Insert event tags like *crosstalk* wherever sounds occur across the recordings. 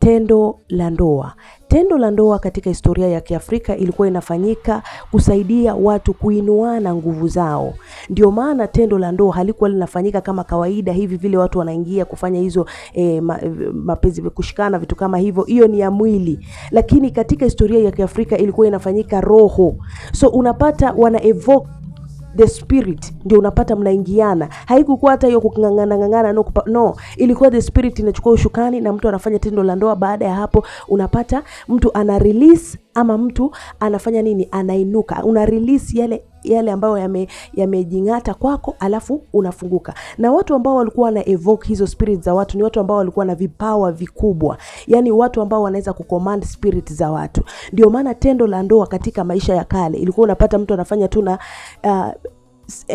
tendo la ndoa. Tendo la ndoa katika historia ya Kiafrika ilikuwa inafanyika kusaidia watu kuinuana nguvu zao. Ndio maana tendo la ndoa halikuwa linafanyika kama kawaida hivi vile watu wanaingia kufanya hizo e, ma, mapenzi kushikana vitu kama hivyo, hiyo ni ya mwili, lakini katika historia ya Kiafrika ilikuwa inafanyika roho, so unapata wana evoke the spirit ndio unapata mnaingiana. Haikukuwa hata hiyo kung'ang'ana ng'ang'ana, no, no, ilikuwa the spirit inachukua ushukani na mtu anafanya tendo la ndoa. Baada ya hapo, unapata mtu ana release ama mtu anafanya nini, anainuka, una release yale yale ambayo yame, yamejing'ata kwako, alafu unafunguka. Na watu ambao walikuwa wana evoke hizo spirit za watu ni watu ambao walikuwa na vipawa vikubwa, yani watu ambao wanaweza kucommand spirit za watu. Ndio maana tendo la ndoa katika maisha ya kale ilikuwa unapata mtu anafanya tu na uh,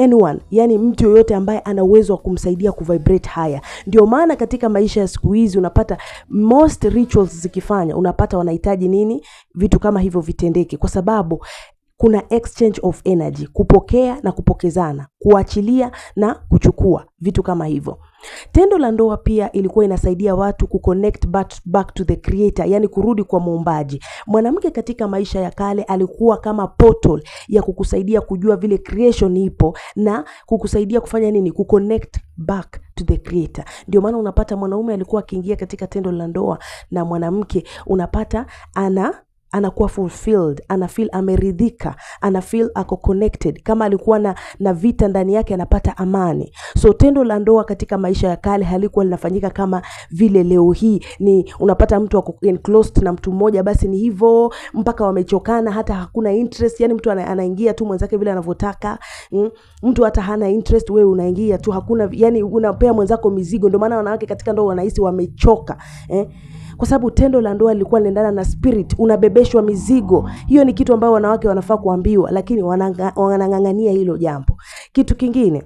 anyone yani, mtu yoyote ambaye ana uwezo wa kumsaidia kuvibrate haya. Ndio maana katika maisha ya siku hizi unapata most rituals zikifanya, unapata wanahitaji nini, vitu kama hivyo vitendeke, kwa sababu kuna exchange of energy, kupokea na kupokezana, kuachilia na kuchukua, vitu kama hivyo. Tendo la ndoa pia ilikuwa inasaidia watu kuconnect back to the creator, yani kurudi kwa muumbaji. Mwanamke katika maisha ya kale alikuwa kama portal ya kukusaidia kujua vile creation ipo na kukusaidia kufanya nini, kuconnect back to the creator. Ndio maana unapata mwanaume alikuwa akiingia katika tendo la ndoa na mwanamke, unapata ana anakuwa fulfilled, anafeel ameridhika, anafil ako connected. Kama alikuwa na, na vita ndani yake anapata amani. So tendo la ndoa katika maisha ya kale halikuwa linafanyika kama vile leo hii, ni unapata mtu ako enclosed na mtu mmoja, basi ni hivyo mpaka wamechokana, hata hakuna interest. Yani mtu anaingia tu mwenzake vile anavyotaka, mm? mtu hata hana interest, wewe unaingia tu, hakuna yani unapea mwenzako mizigo. Ndio maana wanawake katika ndoa wanahisi wamechoka eh? kwa sababu tendo la ndoa lilikuwa linaendana na spirit, unabebeshwa mizigo. Hiyo ni kitu ambayo wanawake wanafaa kuambiwa, lakini wanang'ang'ania hilo jambo. Kitu kingine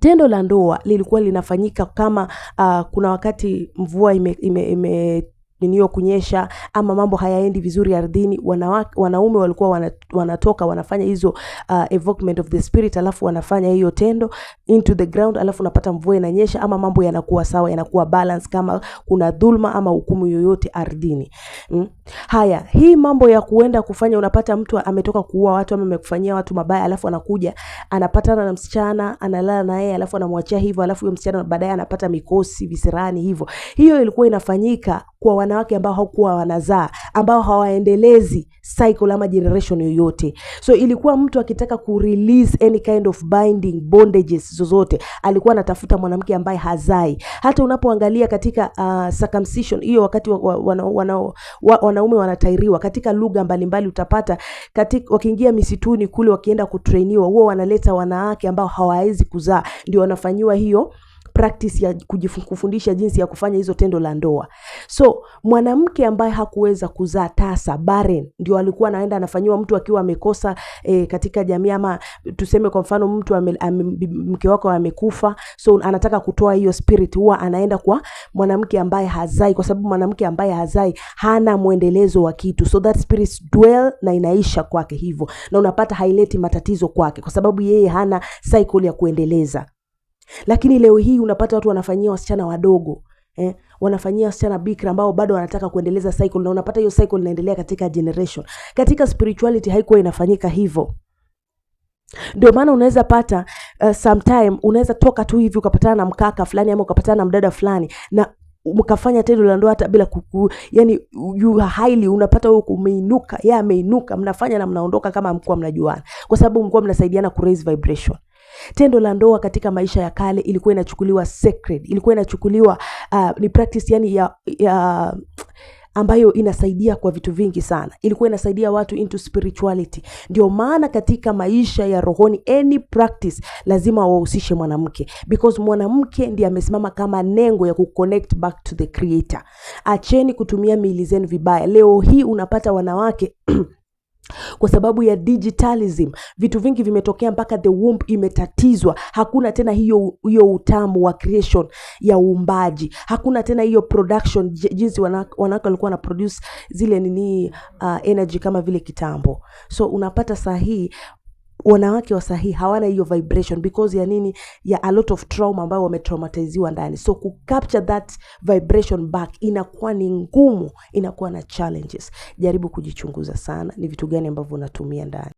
tendo la ndoa lilikuwa linafanyika kama uh, kuna wakati mvua ime, ime, ime niniyo kunyesha ama mambo hayaendi vizuri ardhini, wanawake, wanaume walikuwa wanatoka wanafanya hizo uh, evokement of the spirit, alafu wanafanya hiyo tendo into the ground, alafu unapata mvua inanyesha ama mambo yanakuwa sawa, yanakuwa balance, kama kuna dhulma ama hukumu yoyote ardhini mm. Haya, hii mambo ya kuenda kufanya, unapata mtu ametoka kuua watu ama amekufanyia watu mabaya, alafu anakuja anapatana na msichana analala na yeye, alafu anamwachia hivyo, alafu huyo msichana baadaye anapata mikosi visirani hivyo. Hiyo ilikuwa inafanyika kwa wanawake ambao hawakuwa wanazaa, ambao hawaendelezi cycle ama generation yoyote. So ilikuwa mtu akitaka ku release any kind of binding bondages zozote, alikuwa anatafuta mwanamke ambaye hazai. Hata unapoangalia katika uh, circumcision hiyo, wakati wana, wana, wana, wana wanatairiwa katika lugha mbalimbali, utapata katika, wakiingia misituni kule, wakienda kutrainiwa, huwa wanaleta wanawake ambao hawawezi kuzaa, ndio wanafanyiwa hiyo practice ya kujifundisha jinsi ya kufanya hizo tendo la ndoa. So mwanamke ambaye hakuweza kuzaa tasa, barren, ndio alikuwa anaenda anafanyiwa mtu akiwa amekosa e, katika jamii, ama tuseme kwa mfano mtu ame, ame, mke wako amekufa, so anataka kutoa hiyo spirit, huwa anaenda kwa mwanamke ambaye hazai, kwa sababu mwanamke ambaye hazai hana mwendelezo wa kitu, so that spirit dwell na inaisha kwake hivyo, na unapata haileti matatizo kwake, kwa sababu yeye hana cycle ya kuendeleza. Lakini leo hii unapata watu wanafanyia wasichana wadogo eh, wanafanyia wasichana bikra ambao bado wanataka kuendeleza cycle, na unapata hiyo cycle inaendelea katika generation. Katika spirituality haikuwa inafanyika hivyo. Ndio maana unaweza pata uh, sometime unaweza toka tu hivi ukapatana na mkaka fulani ama ukapatana na mdada fulani na mkafanya tendo la ndoa hata bila kuku, yani you highly unapata wewe kumeinuka, yeye ameinuka, mnafanya na mnaondoka kama mkuwa mnajuana, kwa sababu mkuwa mnasaidiana ku raise vibration. Tendo la ndoa katika maisha ya kale ilikuwa inachukuliwa sacred, ilikuwa inachukuliwa uh, ni practice yani ya, ya ambayo inasaidia kwa vitu vingi sana, ilikuwa inasaidia watu into spirituality. Ndio maana katika maisha ya rohoni, any practice lazima wahusishe mwanamke, because mwanamke ndiye amesimama kama nengo ya kuconnect back to the creator. Acheni kutumia miili zenu vibaya. Leo hii unapata wanawake *clears throat* kwa sababu ya digitalism vitu vingi vimetokea, mpaka the womb imetatizwa. Hakuna tena hiyo hiyo utamu wa creation ya uumbaji, hakuna tena hiyo production, jinsi wanawake walikuwa wana produce zile nini, uh, energy kama vile kitambo. So unapata saa hii wanawake wa sahihi hawana hiyo vibration because ya nini? Ya a lot of trauma ambayo wametraumatiziwa ndani, so ku capture that vibration back inakuwa ni ngumu, inakuwa na challenges. Jaribu kujichunguza sana, ni vitu gani ambavyo unatumia ndani